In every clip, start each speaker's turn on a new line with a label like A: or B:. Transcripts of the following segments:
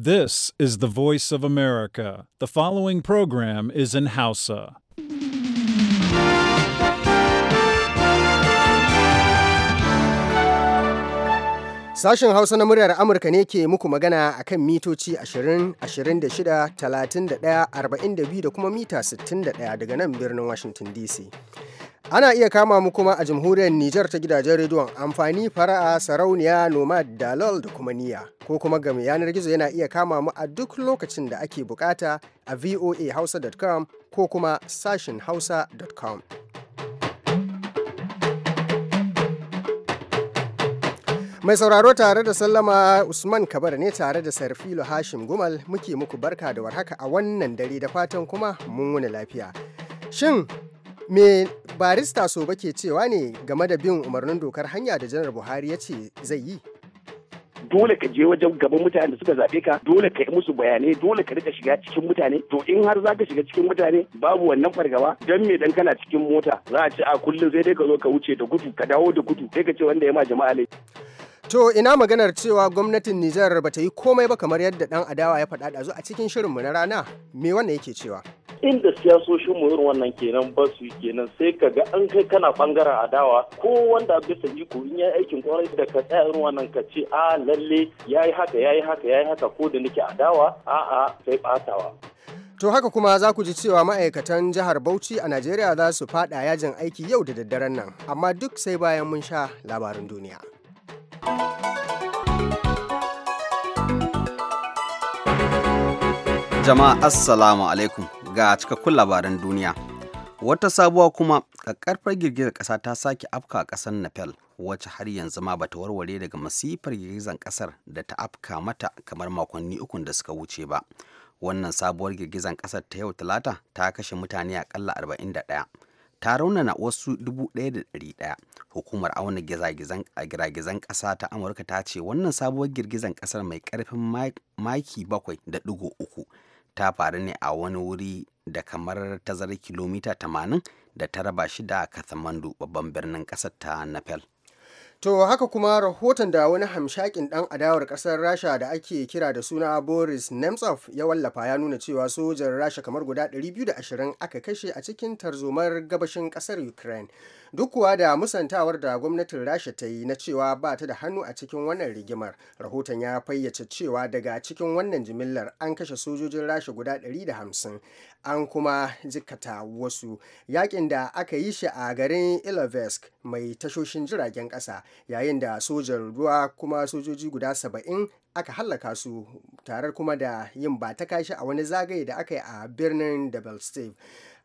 A: This is the voice of America. The following program is in Hausa.
B: Sashen Hausa na muryar Amurka ne ke muku magana a kan mitoci 20, 26, 31, 42 da kuma mita 61 daga nan birnin Washington DC. Ana iya kama mu kuma a jamhuriyar Nijar ta gidajen rediyon amfani fara'a sarauniya nomad Dalal da kuma niya ko kuma game yanar gizo yana iya kama mu a duk lokacin da ake bukata a voahausa.com ko kuma sashin hausa.com. Mai sauraro tare da Sallama Usman Kabar ne tare da Sarfilo Hashim Gumal muke muku barka da warhaka a wannan dare da fatan kuma mun wuni lafiya. Shin me barista so ke cewa ne game da bin umarnin dokar hanya da janar buhari ya ce zai yi
C: dole ka je wajen gaban mutanen da suka zaɓe ka dole ka yi musu bayanai dole ka rika shiga cikin mutane to in har za ka shiga cikin mutane babu wannan fargaba don me dan kana cikin mota za a ce a kullum sai dai ka zo ka wuce da gudu ka dawo da gudu sai ka ce wanda ya ma jama'a ne
B: To ina maganar cewa gwamnatin Nijar bata yi komai ba kamar yadda dan adawa ya faɗa ɗazu a cikin shirinmu na rana me wannan yake cewa?
D: Inda siyasoshin mu irin wannan kenan ba su kenan sai ka ga an kai kana bangaren adawa ko wanda bisa iko in yi aikin kwarai da ka tsaya irin wannan ka ce a ah, lalle ya yi haka ya yi haka ya yi haka ko da nake adawa a'a sai batawa.
B: To haka kuma za ku ji cewa ma'aikatan jihar Bauchi a Najeriya za su fada yajin aiki yau da daddaren nan, amma duk sai bayan mun sha labarin duniya.
A: Jama'a Assalamu alaikum ga cikakkun labaran duniya. Wata sabuwa kuma ƙaƙƙarfar girgizar ƙasa ta sake afka ƙasar Nepal wacce har yanzu ma bata warware daga masifar girgizar ƙasar da ta afka mata kamar makonni ukun da suka wuce ba. Wannan sabuwar girgizar ƙasar ta yau Talata ta kashe mutane aƙalla 41. ta raunana wasu 1,100 hukumar auna giragizan kasa ta amurka ta ce wannan sabuwar girgizan kasar mai karfin maki 7.3 ta faru ne a wani wuri da kamar tazarar kilomita 80 da ta raba shi da kathmandu babban birnin kasar ta nepal To
B: haka kuma rahoton da wani hamshakin dan adawar kasar Rasha da ake kira da suna Boris Nemtsov ya wallafa ya nuna cewa sojan Rasha kamar guda 220 aka kashe a cikin tarzomar gabashin kasar Ukraine. duk kuwa da musantawar da gwamnatin rasha ta yi na cewa ba ta da hannu a cikin wannan rigimar rahoton ya fayyace cewa daga cikin wannan jimillar an kashe sojojin rasha guda 150 an kuma jikata wasu yakin da aka yi shi a garin ilovesk mai tashoshin jiragen ƙasa yayin da sojan ruwa kuma sojoji guda 70 aka hallaka su tare kuma da yin ba ta kashi a wani zagaye da aka yi a birnin da belstave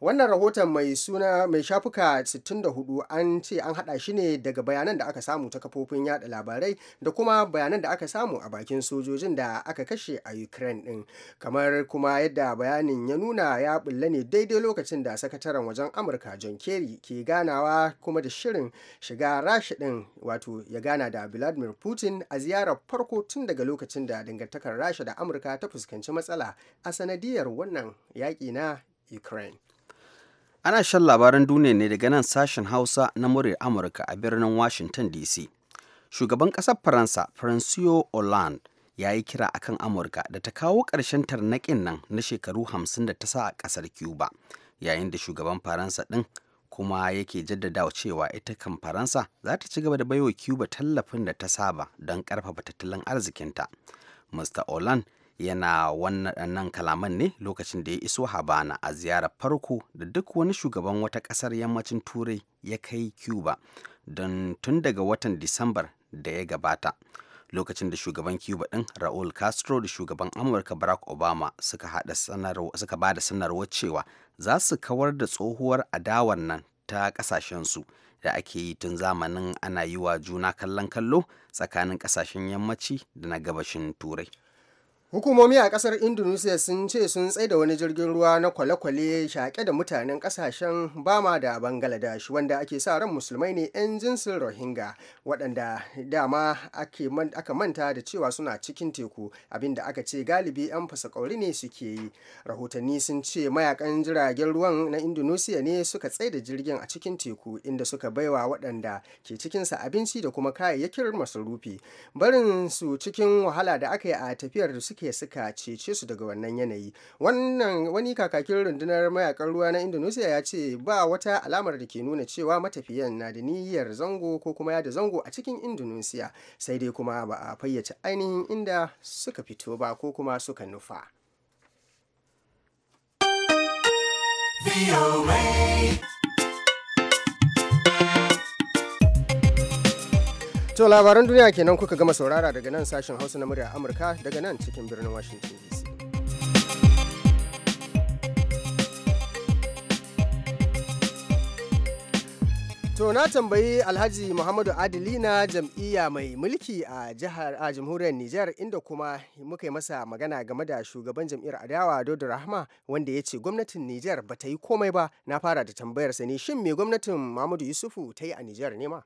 B: wannan rahoton mai suna mai shafuka 64 an ce an hada shi ne daga bayanan da aka samu ta kafofin yada labarai da kuma bayanan da aka samu a bakin sojojin da aka kashe a ukraine din kamar kuma yadda bayanin ya nuna ya bulle ne daidai lokacin da sakataren wajen amurka john kerry ke ganawa kuma da shirin shiga rashi din wato ya gana da vladimir putin a ziyarar farko tun daga lokacin da dangantakar rasha da amurka ta fuskanci matsala a sanadiyar wannan yaƙi na ukraine
A: Ana shan labaran duniya ne daga nan sashen Hausa na muryar Amurka a birnin Washington DC. Shugaban ƙasar Faransa, Francois Hollande, ya yi kira a kan Amurka da ta kawo ƙarshen tarnaƙin nan na shekaru hamsin da ta sa a ƙasar Cuba, yayin da shugaban Faransa ɗin kuma yake jaddadawa cewa ita kan Faransa za ta ci gaba da baiwa Cuba tallafin da ta saba don ƙarfafa tattalin arzikinta. Mr. Hollande yana wannan kalaman ne lokacin da ya iso habana a ziyarar farko da duk wani shugaban wata ƙasar yammacin turai ya kai cuba don tun daga watan disambar da ya gabata lokacin da shugaban cuba ɗin raul castro da shugaban amurka barack obama suka, bada sanarwar cewa za su kawar da tsohuwar adawar nan ta ƙasashensu da ake yi tun zamanin ana yi wa juna kallon kallo tsakanin ƙasashen yammaci da na gabashin turai
B: Hukumomi a kasar Indonesia sun ce sun tsaida wani jirgin ruwa na kwale-kwale shaƙe da mutanen ƙasashen Bama da Bangladesh wanda ake sa ran musulmai ne 'yan jinsin Rohingya waɗanda dama aka manta da cewa suna cikin teku abinda aka ce galibi 'yan fasakauri ne suke yi. Rahotanni sun ce mayakan jiragen ruwan na Indonesia ne suka tsaida jirgin a cikin teku inda suka baiwa waɗanda ke cikinsa abinci da kuma kayayyakin masarufi. Barin su cikin wahala da aka yi a tafiyar da suke ya suka cece su daga wannan yanayi wannan wani kakakin rundunar mayakan ruwa na indonesia ya ce ba wata alamar da ke nuna cewa matafiyan na da niyyar zango ko kuma ya da zango a cikin indonesia sai dai kuma ba a fayyace ainihin inda suka fito ba ko kuma suka nufa To labaran duniya kenan kuka gama saurara daga nan sashen Hausa na murya Amurka daga nan cikin birnin Washington DC. To na tambayi Alhaji Muhammadu Adili na jam'iyya mai mulki a jihar a jamhuriyar Nijar inda kuma muka yi masa magana game da shugaban jam'iyyar Adawa Dodo Rahma wanda ya ce gwamnatin Nijar ba ta yi komai ba na fara da sa ne shin me gwamnatin Muhammadu Yusufu ta yi a Nijar ne ma?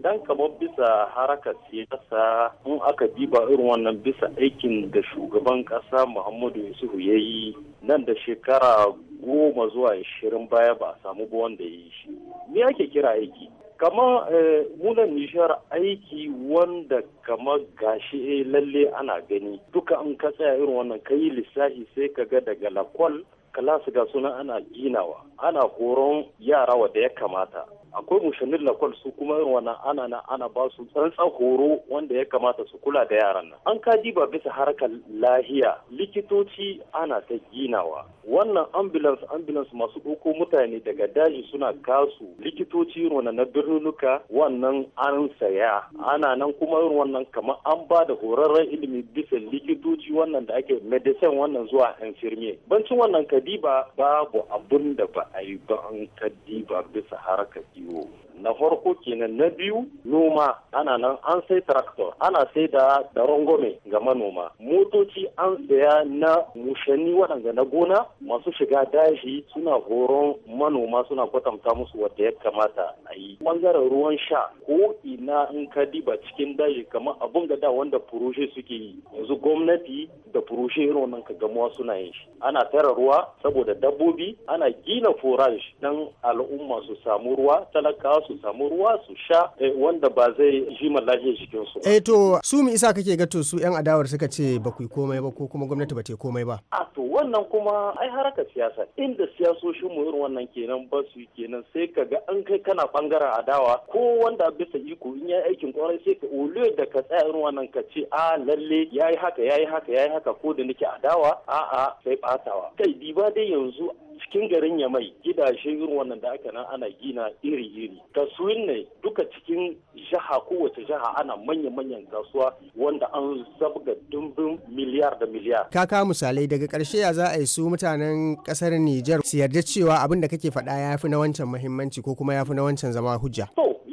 D: Dan kamar bisa harakar siyasa mun aka diba irin wannan bisa aikin da shugaban ƙasa Muhammadu Yusufu ya yi nan da shekara goma zuwa ashirin baya ba a samu ba wanda ya yi shi. Me ake kira aiki? Kama eh, munan nishar aiki wanda kama gashi eh lalle ana gani duka an ka tsaya irin wannan kayi lissafi sai ka ga daga lakwal kalasu ga suna ana ginawa ana horon yara wadda ya kamata akwai mushannin lakwal su kuma irin wannan ana na ana ba su tsantsan horo wanda ya kamata su kula da yaran nan an kaji ba bisa harkar lahiya likitoci ana ta ginawa wannan ambulance ambulance masu ɗauko mutane daga daji suna kasu likitoci irin wannan na birnuka wannan an saya ana nan kuma irin wannan kamar an ba da horarren ilimi bisa likitoci wannan da ake medicine wannan zuwa infirmier bancin wannan kadiba babu abun da ba a yi ba an kadiba bisa harkar you na farko kenan na biyu noma ana nan an sai traktor ana sai da da rangome ga manoma motoci an saya na mushani waɗanda na gona masu shiga daji suna horon manoma suna kwatanta musu wadda ya kamata a yi bangaren ruwan sha ko ina in ka diba cikin daji kamar abun da da wanda furushe suke yi yanzu gwamnati da furushe irin wannan ka gamuwa suna yin shi ana tara ruwa saboda dabbobi ana gina forage dan al'umma su samu ruwa talakawa su samu ruwa su sha eh, wanda ba zai ji lafiyar jikinsu.
B: Eh to su mi isa kake gato su 'yan adawar suka ce ba ku komai ba ko kuma gwamnati ba ta komai ba. A
D: to wannan kuma ai haraka siyasa inda siyasoshin mu irin wannan kenan ba su kenan sai ka ga an kai kana bangaren adawa ko wanda bisa iko in ya aikin kwarai sai ka ole da ka tsaya irin wannan ka ce a lalle yayi haka yayi haka yayi haka ko da nake adawa a'a sai batawa kai diba dai yanzu cikin garin Yamai gidaje irin wannan da aka nan ana gina iri-iri. Kasuwin ne duka cikin jiha kowace jiha ana manya-manyan kasuwa wanda an zabga dumbin miliyar da miliyar.
B: Ka kawo misalai daga karshe ya za a yi su mutanen ƙasar Nijar su yarda cewa abin da kake faɗa ya fi na wancan muhimmanci ko kuma ya fi na wancan zama hujja.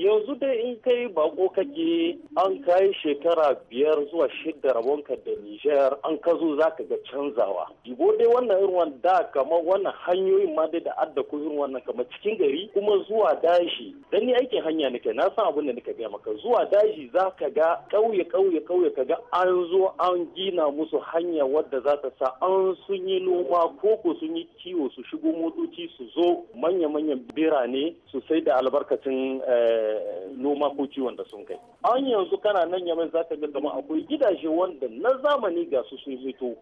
D: yanzu dai in kai bako kake an kai shekara biyar zuwa shidda shida ka da Nijar an ka zo za ka ga canzawa. Ibo dai wannan irin da kamar wannan hanyoyin ma dai da adda ku irin wannan kamar cikin gari kuma zuwa daji dan ni aikin hanya nake na san abin da nake gaya maka zuwa daji za ka ga kauye kauye kauye ka ga an zo an gina musu hanya wadda za ta sa an sun yi noma koko sun yi kiwo su shigo motoci su zo manya-manyan birane su sai da albarkacin eh, noma ko ciwon da sun kai an yanzu kana nan yamai za ka ga gama akwai gidaje wanda na zamani ga su sun zito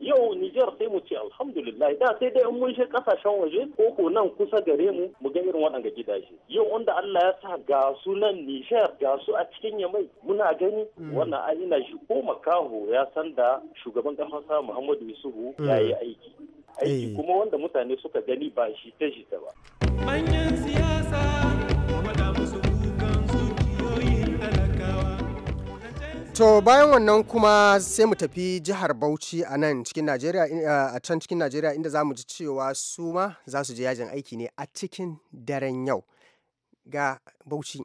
D: yau Nijar sai mu ce alhamdulillah da sai dai in mun shi kasashen waje ko ko nan kusa gare mu mu ga irin waɗanda gidaje yau wanda Allah ya sa ga su nan Nijar ga su a cikin yamai muna gani mm. wannan aina ina shi ko makaho ya san da shugaban kafasa Muhammadu Yusufu mm. ya yi aiki aiki eh. kuma wanda mutane suka gani ba shi ta shi ta ba.
B: To bayan wannan kuma sai mu tafi jihar Bauchi a nan cikin Najeriya a can cikin Najeriya inda za mu ji cewa su ma za su je yajin aiki ne a cikin daren yau ga Bauchi.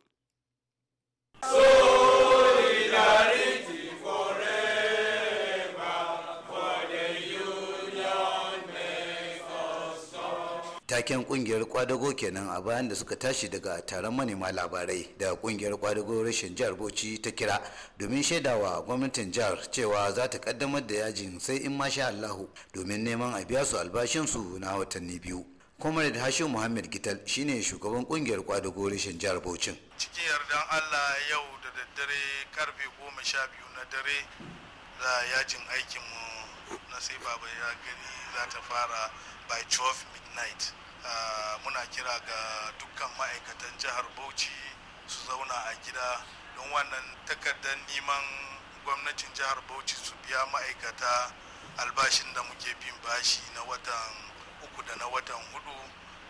E: taken kungiyar kwadago kenan a bayan da suka tashi daga taron manema labarai da kungiyar kwadago rashin jihar bauchi ta kira domin shaidawa gwamnatin jihar cewa za ta kaddamar da yajin sai in masha allahu domin neman a biya su albashinsu na watanni biyu comrade hashim muhammad gital shine shugaban kungiyar kwadago rashin jihar bauchin
C: cikin yardan allah yau da daddare karfe
E: goma sha biyu na dare za yajin aikinmu na sai baba ya gani za ta fara by 12 midnight muna kira ga
C: dukkan ma'aikatan jihar bauchi su zauna a gida don wannan takardar neman gwamnatin jihar bauchi su biya ma'aikata albashin da muke bin bashi na watan uku da na watan hudu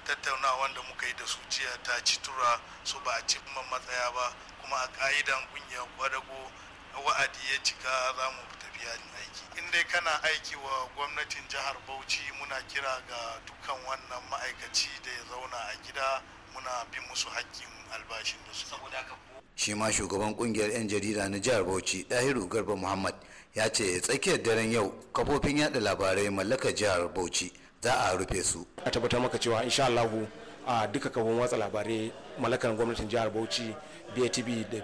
C: tattaunawa da muka yi da su jiya ta ci tura su ba a cimma matsaya ba kuma a ka'idan kungiyar kwadago
E: wa'adi ya cika za mu aiki in dai kana aiki wa gwamnatin jihar bauchi muna kira ga dukkan wannan ma'aikaci da ya zauna a gida muna bin musu hakkin albashin da su shi ma shugaban kungiyar 'yan jarida na jihar bauchi dahiru garba muhammad ya ce tsakiyar daren yau kafofin yada labarai mallakar jihar bauchi za a rufe su a tabbatar maka cewa insha Allah a duka kafofin watsa labarai mallakar gwamnatin jihar bauchi B.T.B. da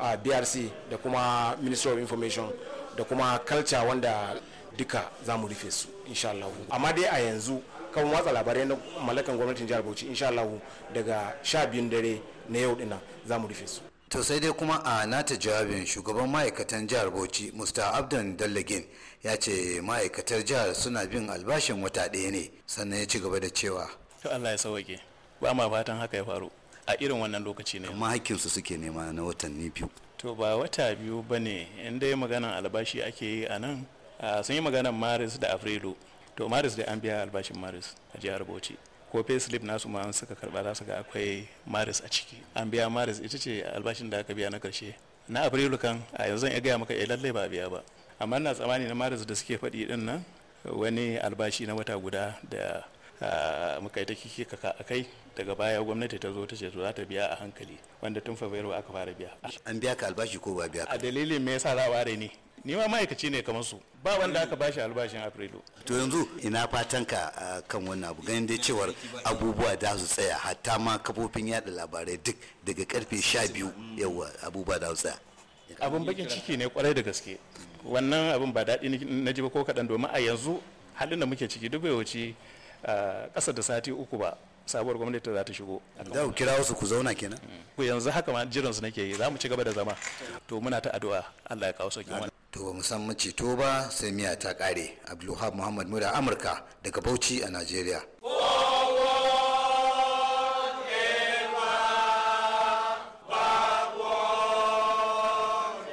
E: a
C: drc da kuma ministry of information da kuma culture wanda duka
E: za mu rufe su insha amma dai a yanzu kan watsa labarai na mallakan gwamnatin jihar Bauchi insha daga sha biyun dare na yau dinnan za mu rufe su to sai dai kuma a nata jawabin shugaban ma'aikatan jihar Bauchi Mr. Abdan Dallagin ya ce ma'aikatar jihar suna bin albashin wata ɗaya ne sannan ya ci gaba da cewa to Allah ya sauke ba ma fatan haka ya faru a irin wannan lokaci ne amma hakinsu suke nema na watanni biyu to ba wata biyu ba ne inda dai maganan albashi ake yi a nan sun yi maganan maris da afrilu to maris dai an biya albashin maris a jihar bauchi ko payslip nasu ma suka karba za su ga akwai maris a ciki an biya maris ita ce albashin da aka biya na karshe na afrilu kan a yanzu iya gaya maka eh lallai ba biya ba amma na tsammani na maris da suke faɗi din nan wani albashi na wata guda da muka yi ta kike kaka akai daga baya gwamnati ta zo ta ce za ta biya a hankali wanda tun fabrairu aka fara biya an biya ka albashi ko ba biya a dalilin me yasa za a ware ni ni ma ma'aikaci ne kamar su ba wanda aka bashi albashin afrilu to yanzu ina fatan ka kan wannan abu ganin dai cewar abubuwa da su tsaya hatta ma kafofin yada labarai duk daga karfe sha biyu yawa abubuwa da su tsaya Abun bakin ciki ne kwarai da gaske wannan abun ba daɗi na ji ba ko kaɗan domin a yanzu halin da muke ciki duk bai wuce ƙasa da sati uku ba sabuwar gwamnati za ta shigo da ku kira wasu ku zauna kenan mm. ku yanzu haka ma jiran su nake yi za mu ci gaba da zama to muna ta addu'a Allah ya kawo sauki mana to ba mu san mace to ba sai miya ta kare Abdulwahab Muhammad Mura Amurka daga Bauchi a Najeriya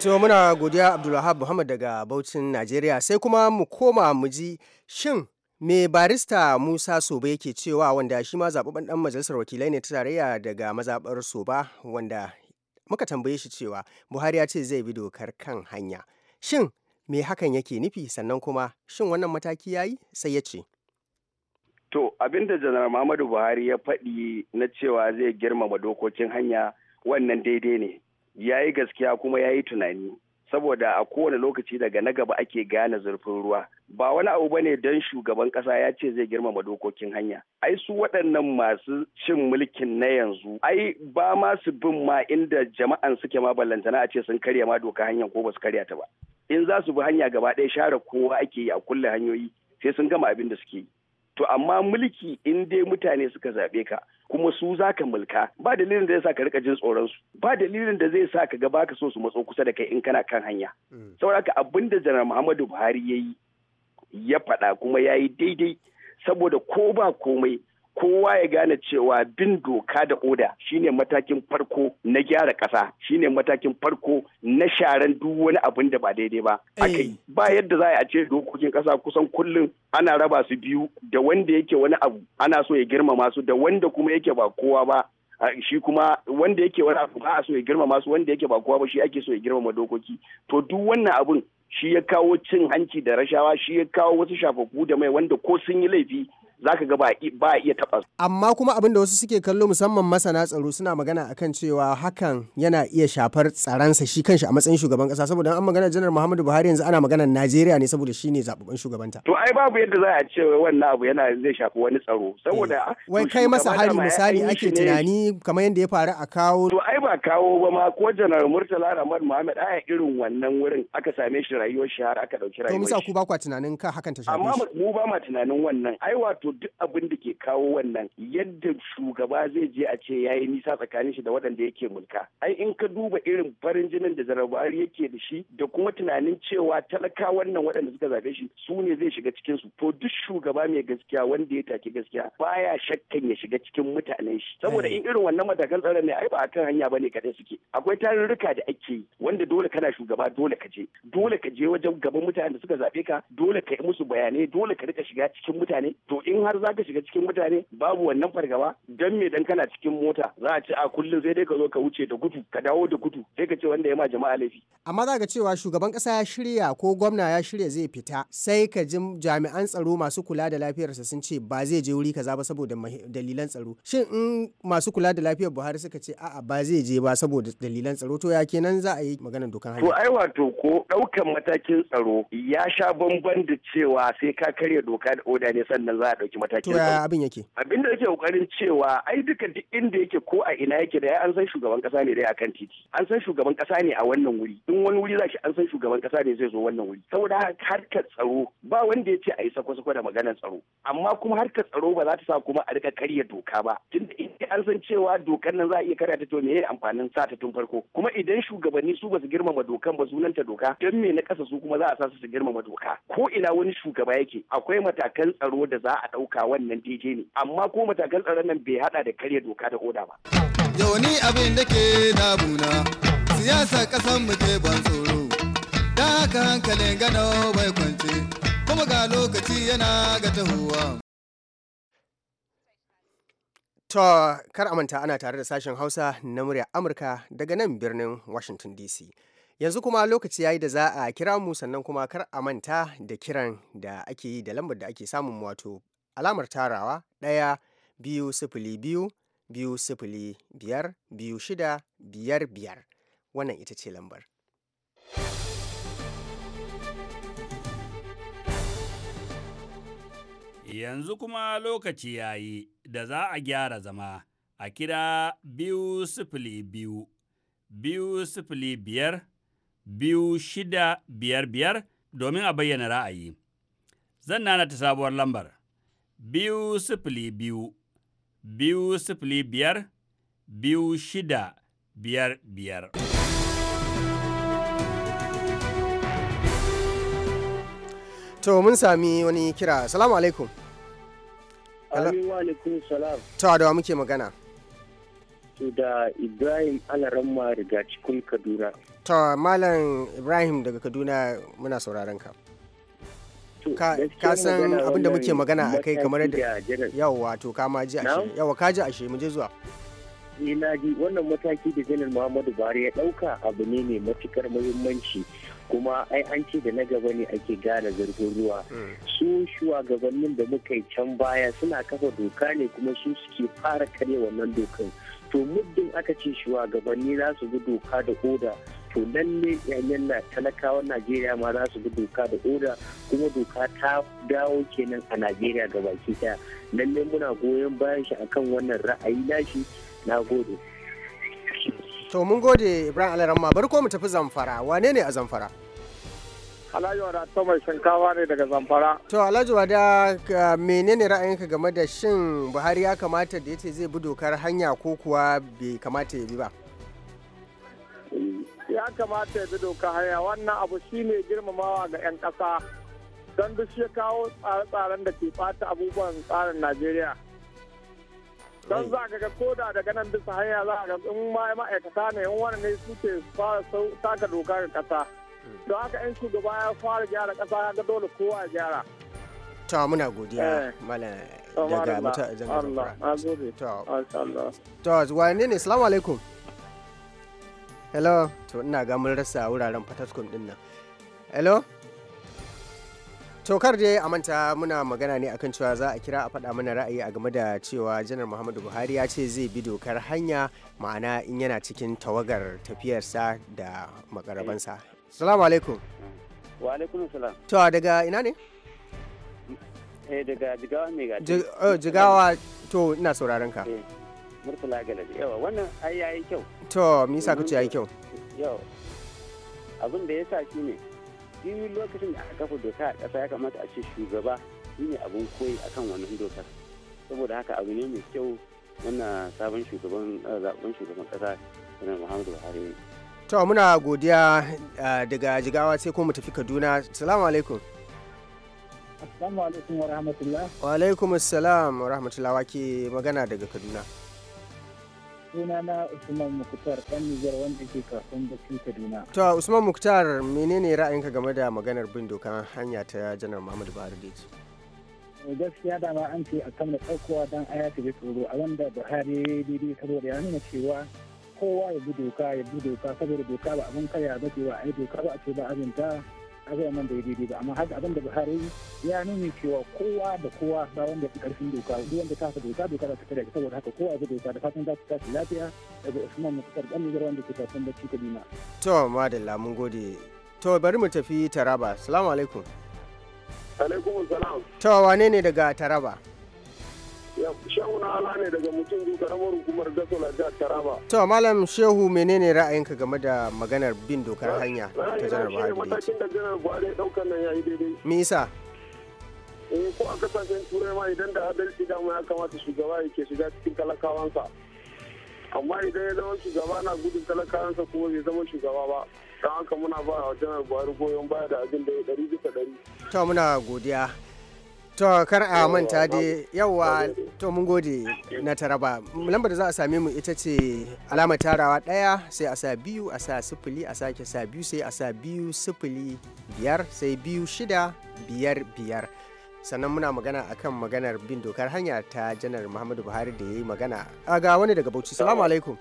B: To muna godiya Abdulwahab Muhammad daga Bauchin Najeriya sai kuma mu koma mu ji shin me barista musa soba yake cewa wanda shi ma zababben dan majalisar wakilai ne ta tarayya daga mazabar soba wanda muka tambaye shi cewa buhari ya ce zai bi dokar kan hanya shin me hakan yake nufi sannan kuma shin wannan mataki ya yi sai ya ce
C: to abinda janar muhammadu buhari ya faɗi na cewa zai girmama dokokin hanya wannan daidai ne ya yi gaskiya kuma ya yi tunani saboda a kowane lokaci daga na gaba ake gane zurfin ruwa ba wani abu bane don shugaban kasa ya ce zai girmama dokokin hanya ai su waɗannan masu cin mulkin na yanzu ai ba ma su bin ma inda jama'an suke ma ballantana a ce sun karya ma doka hanya ko ba su karya ta ba in za su bi hanya gaba ɗaya share kowa ake yi a kulle hanyoyi sai sun gama abin da suke yi to amma mulki in dai mutane suka zaɓe ka kuma su za ka mulka ba dalilin da zai sa ka rika jin tsoron su ba dalilin da zai sa ka ga baka so su matso kusa da kai in kana kan hanya mm. saboda abin da janar muhammadu buhari ya yi ya faɗa kuma ya yi daidai saboda ko ba komai kowa ya gane cewa bin doka da oda shine matakin farko na gyara ƙasa shine matakin farko na sharan duk wani abin da ba daidai ba eh. akai ba yadda za a ce dokokin ƙasa kusan kullum ana raba su biyu da wanda yake wani abu ana so ya girmama su da wanda kuma yake ba kowa ba shi kuma wanda yake wani abu ba a so ya girmama su wanda yake ba kowa ba shi ake so ya girmama dokoki to duk wannan abun shi ya kawo cin hanci da rashawa shi ya kawo wasu shafafu da mai wanda ko sun yi laifi za ka ga ba a iya taɓa.
B: Amma kuma abin da wasu suke kallo musamman masana tsaro suna magana akan cewa hakan yana iya shafar tsaransa shi kanshi a matsayin shugaban ƙasa saboda an magana janar Muhammadu Buhari yanzu ana magana Najeriya ne saboda shi ne zaɓuɓɓen shugabanta.
C: To ai babu yadda za a ce wannan abu yana zai shafi wani tsaro eh, saboda. Ah,
B: wai kai masa hari misali ake tunani kamar yadda ya faru a kawo. To ai ba kawo ba ma ko janar
C: Murtala Ahmad Muhammad aya irin wannan wurin aka same shi rayuwar shi har aka ɗauki rayuwar shi. To
B: misa ku ba kwa tunanin ka hakan ta shafi. Amma
C: mu ba ma tunanin wannan ai wato duk abin da ke kawo wannan yadda shugaba zai je a ce yayi nisa tsakanin shi da waɗanda yake mulka ai in ka duba irin farin jinin da zarabari yake da shi da kuma tunanin cewa talaka wannan waɗanda suka zaɓe shi su ne zai shiga cikin su to duk shugaba mai gaskiya wanda ya take gaskiya baya shakkan ya shiga cikin mutanen shi saboda in irin wannan matakan tsaron ne ai ba akan hanya bane kadai suke akwai tarurruka da ake yi wanda dole kana shugaba dole ka je dole ka je wajen gaban mutanen da suka zaɓe ka dole ka yi musu bayanai dole ka rika shiga cikin mutane to in in har zaka shiga cikin mutane babu wannan fargaba dan me dan kana cikin mota za a ce a kullum sai dai ka zo ka wuce da gudu ka dawo da gudu sai ka ce wanda ya ma jama'a
B: laifi amma za ka cewa shugaban kasa ya shirya ko gwamna ya shirya zai fita sai ka ji jami'an tsaro masu kula da lafiyarsa sun ce ba zai je wuri kaza ba saboda dalilan tsaro shin in masu kula da lafiyar Buhari suka ce a'a ba zai je ba saboda dalilan tsaro to ya kenan za a yi maganar dokan hanya to
C: ai wato ko daukan matakin tsaro ya sha bamban da cewa sai ka karya doka da oda ne sannan za a ɗauki matakin abin yake abin da yake kokarin cewa ai duka duk inda yake ko a ina yake da an san shugaban kasa ne dai akan titi an san shugaban kasa ne a wannan wuri in wani wuri shi an san shugaban kasa ne zai zo wannan wuri saboda harkar tsaro ba wanda ya ce a yi sako-sako da maganar tsaro amma kuma harkar tsaro ba za ta sa kuma a rika karya doka ba tunda in an san cewa dokan nan za a iya karya ta to me amfanin sa ta tun farko kuma idan shugabanni su ba su girmama dokan ba ta doka don me na kasa su kuma za a sa su su girmama doka ko ina wani shugaba yake akwai matakan tsaro da za a ɗauka wannan dj ne amma ko matakan tsaron nan bai hada da karya
E: doka da oda ba. yau ni abin da ke damuna siyasa kasan mu ke ban tsoro da haka hankalin gano bai kwance kuma ga
B: lokaci yana ga tahowa. To, kar manta ana tare da sashen Hausa na murya Amurka daga nan birnin Washington DC. Yanzu kuma lokaci ya yi da za a kira mu sannan kuma kar a manta da kiran da ake yi da lambar da ake samun wato alamar tarawa ɗaya biyu sifili biyu biyu sifili biyar biyu shida biyar biyar wannan ita ce lambar.
C: Yanzu kuma lokaci ya yi da za a gyara zama a kira biyu sifili biyu, biyu sifili biyar, biyu shida biyar biyar domin a bayyana ra'ayi. Zan nana ta sabuwar lambar. biyu sifili biyu, biyu sifili biyar, biyu shida biyar biyar.
B: To mun sami wani kira, salamu alaikum. alaikum salam. Ta da muke magana.
F: To da Ibrahim Alaramma daga cikin Kaduna.
B: Ta Malam Ibrahim daga Kaduna muna sauraron ka. ka san abinda muke magana a kai kamar da yawa to kama ji ashe yawa ka ji ashe mu zuwa
F: na ji wannan mataki da janar muhammadu buhari ya dauka abu ne mai matukar muhimmanci kuma ai an ce da na gaba ne ake gane zargin ruwa hmm. su shugabannin da muka yi can baya suna kafa doka ne kuma su suke fara karya wannan dokan to muddin aka ce shugabanni za su bi doka da oda to lalle yayin na talakawan najeriya ma za su bi doka da oda kuma doka ta dawo kenan a najeriya ga baki daya lalle muna goyon bayan shi akan wannan ra'ayi nashi na gode
B: to mun gode ibrahim alaramma bari ko mu tafi zamfara wane ne a zamfara
F: Alhaji Wada ta mai shinkawa ne daga Zamfara.
B: To Alhaji Wada menene ra'ayinka game da shin Buhari ya kamata da yace zai bi dokar hanya ko kuwa bai kamata ya bi ba?
F: Ya kamata ya bi dokar hanya wannan abu shine girmamawa ga 'yan ƙasa don duk ya kawo tsare-tsaren da ke fata abubuwan tsarin Najeriya. don za ka ga koda daga nan bisa hanya za ka ga in ma'aikata ne in wani ne suke fara sauka doka ga kasa don haka in shugaba ya fara gyara ƙasa ga dole kowa ya gyara
B: ta muna godiya eh. malam daga mutane jami'ar to wane ne salamu alaikum hello to ina ga mun rasa wuraren fataskun din nan hello tokar dai a manta muna magana ne akan cewa za a kira a faɗa mana ra'ayi a game da cewa janar muhammadu buhari ya ce zai bi dokar hanya ma'ana in yana cikin tawagar tafiyarsa da makarabansa Salamu alaikum.
F: Wa alaikum salam.
B: To daga ina ne?
F: Eh daga Jigawa mai gadi.
B: Oh Jigawa to ina sauraron ka.
F: Eh, Murtala Galabi. Yawa wannan ai yayi kyau.
B: To me yasa kace yayi kyau?
F: Yau. Abin da yasa shi ne shi lokacin da aka kafa doka a ƙasa ya kamata a ce shugaba shine abin koyi akan wannan dokar. Saboda haka abu ne mai kyau wannan sabon shugaban eh, zaben shugaban ƙasa Muhammadu Buhari
B: to muna godiya daga jigawa sai kuma mu tafi kaduna salamu alaikum assalamu alaikum wa rahmatullah wa alaikum assalam wa rahmatullah wake magana daga kaduna
F: suna na usman muktar dan nijar wanda ke da bakin kaduna
B: to usman muktar menene ra'ayinka game da maganar bin dokan hanya ta janar muhammadu buhari geji
F: eh, gaskiya dama an ce a kammala ɗaukowa don aya ta tsoro a wanda buhari ya yi daidai saboda ya nuna cewa kowa ya bi doka ya bi doka saboda doka ba abin kaya ba ce ba a yi doka ba a ce ba ta a zai man daidai ba amma haka abin da buhari ya nuna cewa kowa da kowa ba wanda fi karfin doka duk wanda ta doka doka za ta fita daga saboda haka kowa ya bi doka da fatan za ta tashi lafiya daga usman mutar dan nigar wanda ke tafin bacci kaduna.
B: to madalla mun gode to bari mu tafi taraba salamu alaikum.
F: alaikum salam.
B: to wane ne daga taraba.
F: Shehu na ala ne daga mutum zuwa karamar hukumar Gasola jihar Taraba.
B: To Malam Shehu menene ra'ayinka game da maganar bin dokar hanya ta Janar Buhari? Matakin
F: da Janar Buhari ya ɗaukar nan yayi daidai. Me yasa? Eh ko a kasashen turai ma idan da adalci dama ya kamata shugaba yake shiga cikin talakawansa. amma idan ya zama shugaba na gudun talakawansa kuma bai zama shugaba ba don haka muna ba wa janar buhari goyon baya da abin da ya ɗari bisa ɗari.
B: ta muna godiya to kar a manta dai yawa to mun gode na taraba lambar da za a same mu ita ce alama tarawa daya sai a sa biyu a sa sifili a sake sa biyu sai a sa biyu sifili biyar sai biyu shida biyar biyar sannan muna magana akan maganar bin dokar hanya ta janar muhammadu buhari da ya yi magana a ga wani daga bauchi salamu alaikum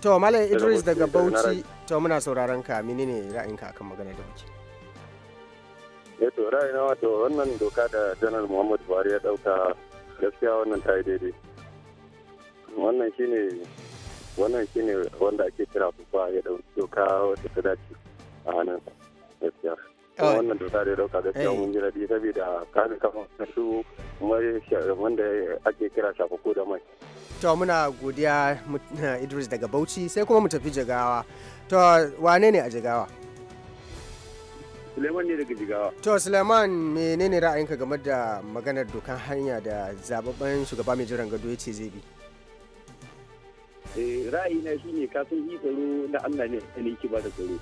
B: to malam idris daga bauchi to muna sauraron ka menene ra'ayinka akan maganar da muke
F: ya eh, to ra'ayina wato wannan doka da janar muhammadu buhari ya dauka gaskiya wannan ta yi daidai wannan shine wannan shine wanda ake kira kuka ya dauki doka wata ta dace a hannun gaskiya wannan doka da ya dauka gaskiya eh. mun ji daɗi saboda kare kafa su wanda ake kira shafako da mai
B: to muna godiya idris daga bauchi sai kuma mu tafi jigawa to wane ne a jigawa
F: Suleiman ne daga Jigawa.
B: To Suleiman menene ra'ayinka game da maganar dokan hanya da zababben shugaba mai jiran gado ya ce zai bi? Eh, ra'ayi na shi ne kasan yi tsaro na Allah ne ne ki ba da tsaro.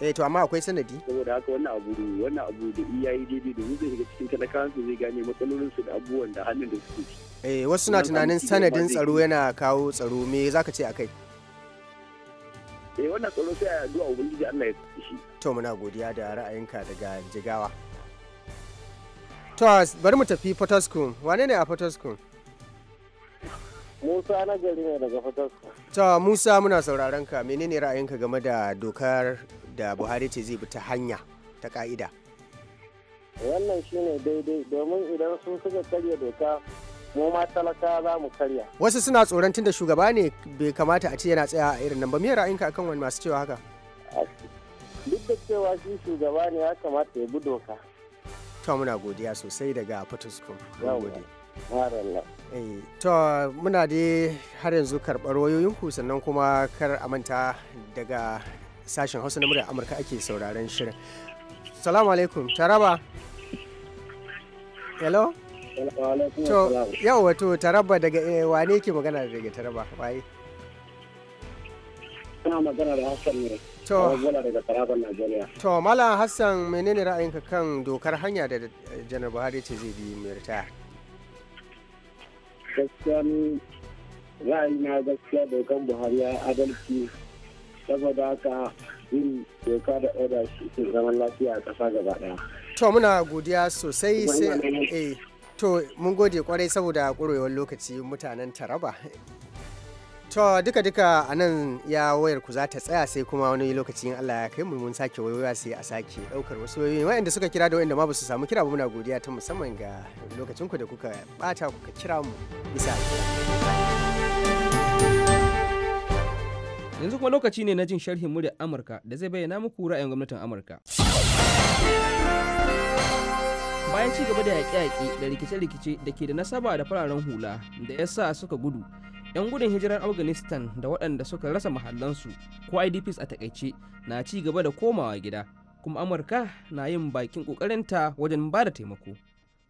B: Eh to amma akwai sanadi. Saboda haka wannan abu
F: wannan abu da iya yi daidai domin zai shiga cikin kada kansu zai gane matsalolin su da abubuwan da hannun da suke ci.
B: Eh wasu na tunanin sanadin tsaro yana kawo tsaro me zaka ce akai? kai? eh wannan tsaro sai a addu'a ubangiji Allah ya shi to muna godiya da ra'ayinka daga jigawa to bari mu tafi Potoskum wane ne a Potoskum
F: Musa na gari ne daga Potoskum
B: to Musa muna sauraron ka menene ra'ayinka game da dokar da Buhari ce zai bi ta hanya ta ka'ida
F: wannan shine daidai domin idan sun suka karya doka mu ma talaka za mu karya
B: wasu suna tsoron tunda shugaba ne bai kamata a ce yana tsaya a irin nan ba me ra'ayinka akan wani masu cewa haka
F: duk da cewa shi shugaba ne ya kamata ya bi doka
B: to muna godiya sosai daga Potoskum mun gode eh, to muna dai har yanzu karɓar wayoyinku sannan kuma kar a manta daga sashen hausa na muryar amurka ake sauraren shirin salamu alaikum taraba hello
F: To
B: yau wato taraba daga eh, wane ke magana daga taraba waye?
F: Ina magana da Hassan ne. To daga Taraban Najeriya.
B: To Malam Hassan menene ra'ayinka kan dokar hanya da Janar Buhari ce zai bi mai ritaya?
F: Gaskiya ni na gaskiya dokar Buhari ya adalci saboda haka yin doka da oda shi zaman lafiya a ƙasa gaba
B: ɗaya. To muna godiya sosai sai eh. to mun gode kwarai saboda kurewar lokaci mutanen taraba to duka duka a nan ya wayar ku za ta tsaya sai kuma wani in Allah ya kai mu mun sake wayoya sai a sake daukar wasu wayoyi waɗanda suka kira da waɗanda ma basu samu kira ba muna godiya ta musamman ga lokacin ku da kuka bata kuka kira
G: mu bisa yanzu kuma lokaci ne na jin sharhin murya Amurka da zai bayyana muku ra'ayin gwamnatin Amurka bayan ci gaba da yaƙe-yaƙe da rikice-rikice da ke da nasaba da fararen hula da ya sa suka gudu 'yan gudun hijirar afghanistan da waɗanda suka rasa mahallansu ko idps a takaice na ci gaba da komawa gida kuma amurka na yin bakin ƙoƙarinta wajen ba da taimako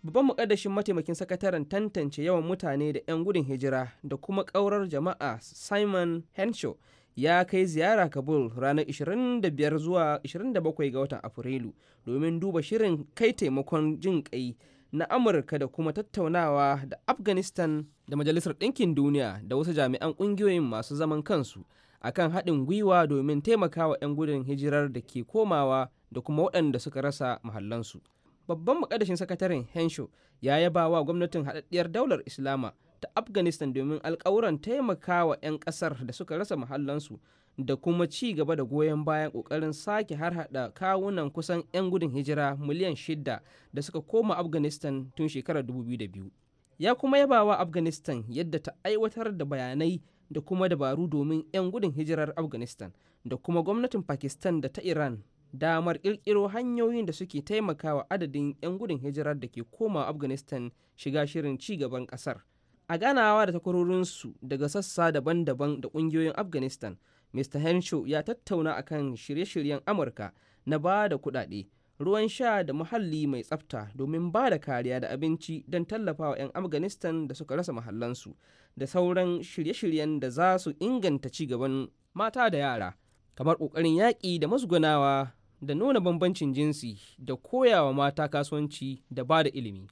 G: babban muƙaddashin mataimakin sakataren tantance yawan mutane da 'yan gudun hijira da kuma ƙaurar jama'a simon henshaw ya kai ziyara kabul ranar 25 zuwa 27 ga watan afrilu domin duba shirin kai taimakon jin kai na amurka da kuma tattaunawa da afghanistan da majalisar ɗinkin duniya da wasu jami'an ƙungiyoyin masu zaman kansu akan haɗin gwiwa domin taimakawa 'yan gudun hijirar da ke komawa da kuma waɗanda suka rasa mahallansu babban makadashin sakataren hensho ya yaba wa gwamnatin haɗaɗɗiyar daular islama ta afghanistan domin alkawuran taimakawa 'yan kasar da suka rasa mahallansu da kuma ci gaba da goyon bayan kokarin sake harhaɗa kawunan kusan 'yan gudun hijira miliyan shida da suka koma afghanistan tun shekarar 2002 ya kuma yaba wa afghanistan yadda ta aiwatar da bayanai da kuma dabaru domin 'yan gudun hijirar afghanistan da kuma gwamnatin pakistan da ta iran damar ƙirƙiro hanyoyin da suke taimakawa adadin 'yan gudun hijirar da ke koma afghanistan shiga shirin ci gaban ƙasar a ganawa da takwarorinsu daga sassa daban-daban da ƙungiyoyin afghanistan mr henshaw ya tattauna a kan shirye-shiryen amurka na ba da kuɗaɗe ruwan sha da muhalli mai tsafta domin ba da kariya da abinci don tallafawa 'yan afghanistan da suka rasa mahallansu da sauran shirye-shiryen da za su inganta ci gaban mata da yara kamar ƙoƙarin yaƙi da musgunawa da nuna bambancin jinsi da koyawa mata kasuwanci da ba da ilimi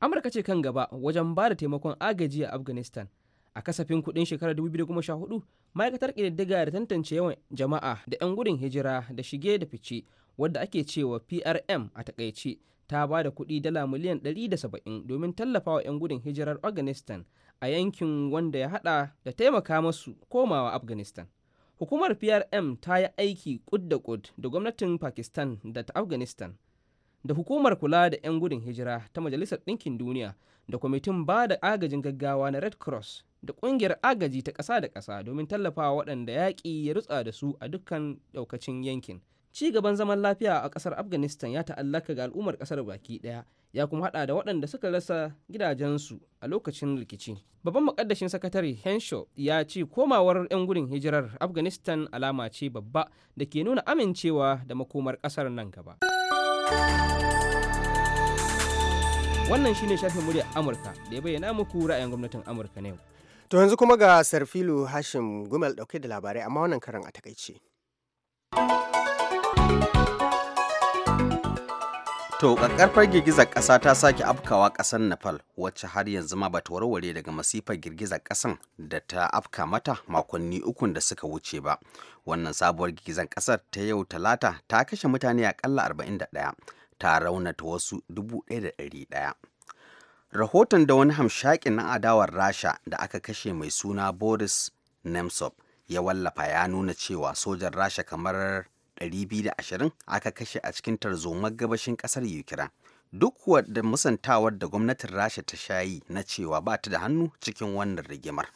G: amurka ce kan gaba wajen ba da taimakon agaji a afghanistan a kasafin kudin shekarar 2014 ma'aikatar ƙididdiga da tantance yawan jama'a da 'yan gudun hijira da shige da fice wadda ake cewa prm a takaice ta ba da kuɗi dala miliyan 170 domin tallafawa 'yan gudun hijirar afghanistan a yankin wanda ya hada da taimaka masu komawa afghanistan hukumar prm ta yi aiki kud da kud da gwamnatin pakistan da ta afghanistan da hukumar kula da 'yan gudun hijira ta majalisar ɗinkin duniya da kwamitin ba da agajin gaggawa na red cross da ƙungiyar agaji ta ƙasa da ƙasa domin tallafawa waɗanda yaƙi ya rutsa da su a dukkan ɗaukacin yankin ci gaban zaman lafiya a ƙasar afghanistan ya ta'allaka ga al'ummar ƙasar baki ɗaya ya kuma haɗa da waɗanda suka rasa gidajensu a lokacin rikici babban makaddashin sakatare henshaw ya ce komawar 'yan gudun hijirar afghanistan alama ce babba da ke nuna amincewa da makomar ƙasar nan gaba Wannan shine shafin murya Amurka da ya bayyana muku ra'ayin gwamnatin Amurka na yau.
B: To yanzu kuma ga Sarfilu Hashim Gumel dauke da labarai amma wannan karan
A: a takaice. To ƙarƙarfar girgizar ƙasa ta sake afkawa ƙasar Nepal wacce har yanzu ma bata warware daga masifar girgizar ƙasan da ta afka mata makonni ukun da suka wuce ba. Wannan sabuwar girgizar ƙasar ta yau talata ta kashe mutane aƙalla 41 ta raunata wasu 1,100. Rahoton da wani hamshakin na adawar Rasha da aka kashe mai suna Boris Nemtsov ya wallafa ya nuna cewa sojan Rasha kamar 220 aka kashe a cikin tarzomar gabashin kasar Ukraine. Duk da musantawar da gwamnatin Rasha ta shayi na cewa ba ta da hannu cikin wannan rigimar.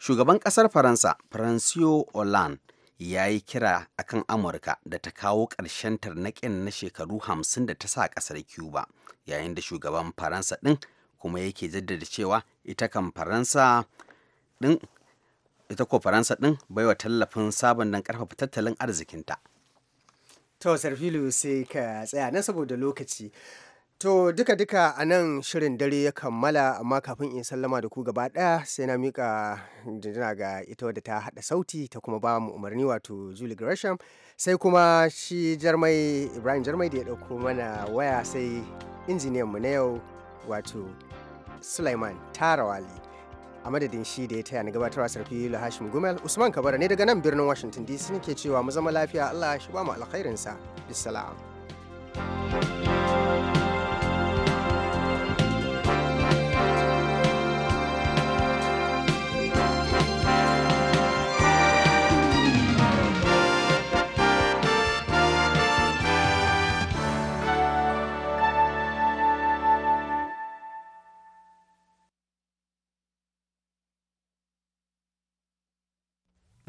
A: Shugaban kasar Faransa, Francio Hollande, ya yi kira a kan amurka da ta kawo ƙarshen tarnaƙin na shekaru hamsin da ta sa ƙasar cuba yayin da shugaban faransa ɗin kuma yake jaddada cewa ita kan faransa ɗin ita ko faransa ɗin baiwa tallafin sabon don ƙarfafa tattalin arzikinta
B: to sarfilu sai ka tsaya na saboda lokaci To duka-duka a nan shirin dare ya kammala amma kafin in sallama da ku gaba ɗaya sai na mika jinjina ga ita wadda ta haɗa sauti ta kuma ba mu umarni wato Julie Gresham sai kuma shi Jarmai Ibrahim Jarmai da ya ɗauko mana waya sai injiniyan mu na yau wato Sulaiman Tarawali a madadin shi da ya taya na gabatarwa sarfi Hashim Gumel Usman Kabara ne daga nan birnin Washington DC nake cewa mu zama lafiya Allah shi ba mu alkhairinsa bisalam.